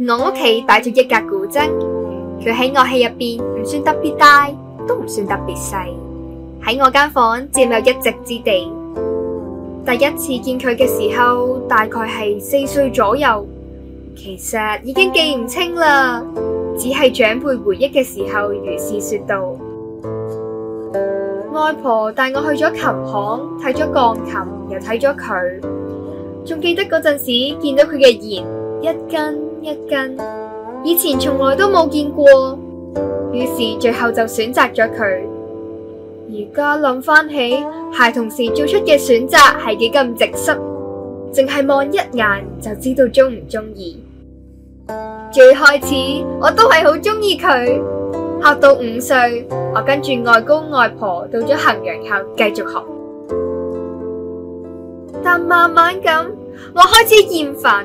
我屋企擺住一架古箏，佢喺樂器入邊唔算特別大，都唔算特別細，喺我間房佔有一席之地。第一次見佢嘅時候，大概係四歲左右，其實已經記唔清啦。只係長輩回憶嘅時候，如是說道：外婆帶我去咗琴行睇咗鋼琴，又睇咗佢，仲記得嗰陣時見到佢嘅弦一根。一根以前從來都冇見過，於是最後就選擇咗佢。而家諗翻起孩童時做出嘅選擇係幾咁直失，淨係望一眼就知道中唔中意。最開始我都係好中意佢，學到五歲，我跟住外公外婆到咗衡陽後繼續學，但慢慢咁我開始厭煩。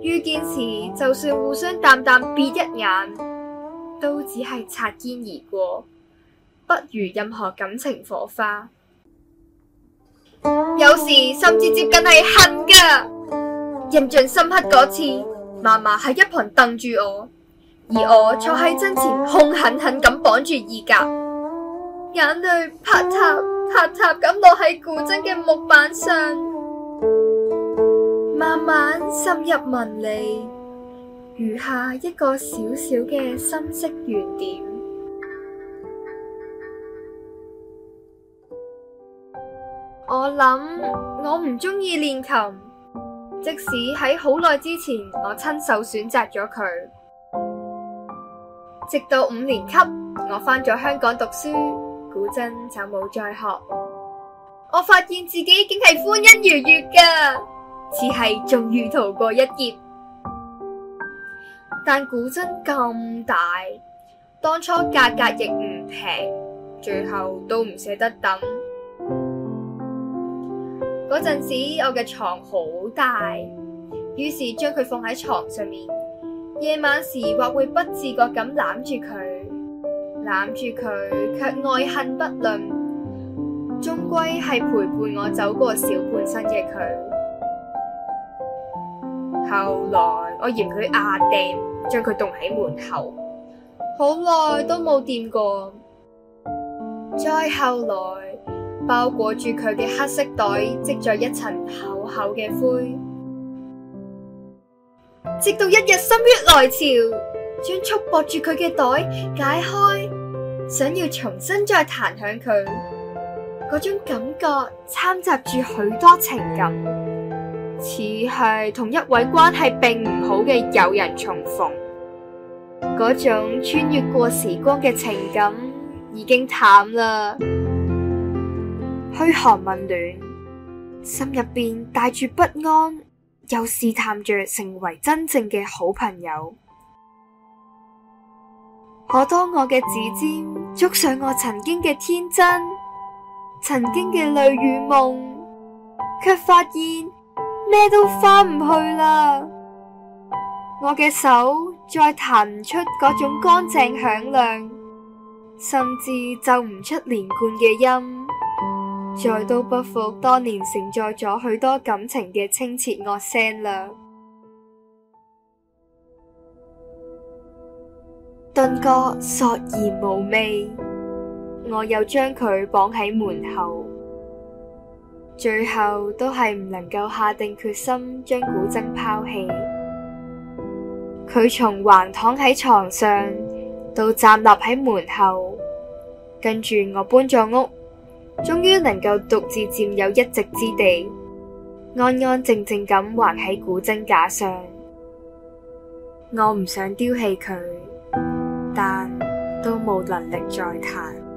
遇見時，就算互相淡淡瞥一眼，都只係擦肩而過，不如任何感情火花。 有時甚至接近係恨噶。印象深刻嗰次，嫲嫲喺一旁瞪住我，而我坐喺箏前，兇狠狠咁綁住耳夾，眼淚啪嗒啪嗒咁落喺古箏嘅木板上。慢慢滲入文理，餘下一個小小嘅深色圓點。我諗我唔鍾意練琴，即使喺好耐之前我親手選擇咗佢。直到五年級我返咗香港讀書，古箏就冇再學。我發現自己竟係歡欣愉悦噶。似係終於逃過一劫，但古箏咁大，當初價格亦唔平，最後都唔捨得等。嗰陣時我嘅床好大，於是將佢放喺床上面。夜晚時或會不自覺咁攬住佢，攬住佢卻愛恨不論，終歸係陪伴我走過小半生嘅佢。後來我嫌佢壓掟，將佢凍喺門口，好耐都冇掂過。再後來，包裹住佢嘅黑色袋積着一層厚厚嘅灰， 直到一日心血來潮，將束縛住佢嘅袋解開，想要重新再彈響佢，嗰種感覺摻雜住許多情感。似係同一位關係並唔好嘅友人重逢，嗰種穿越過時光嘅情感已經淡啦。噓寒問暖，心入邊帶住不安，又試探着成為真正嘅好朋友。可當我嘅指尖觸上我曾經嘅天真，曾經嘅淚與夢，卻發現。咩都翻唔去啦！我嘅手再彈唔出嗰種乾淨響亮，甚至奏唔出連貫嘅音，再都不復當年承載咗許多感情嘅清澈樂聲啦。頓覺索然無味，我又將佢綁喺門口。最後都係唔能夠下定決心將古箏拋棄。佢從橫躺喺床上到站立喺門後，跟住我搬咗屋，終於能夠獨自佔有一席之地，安安靜靜咁橫喺古箏架上。我唔想丟棄佢，但都冇能力再彈。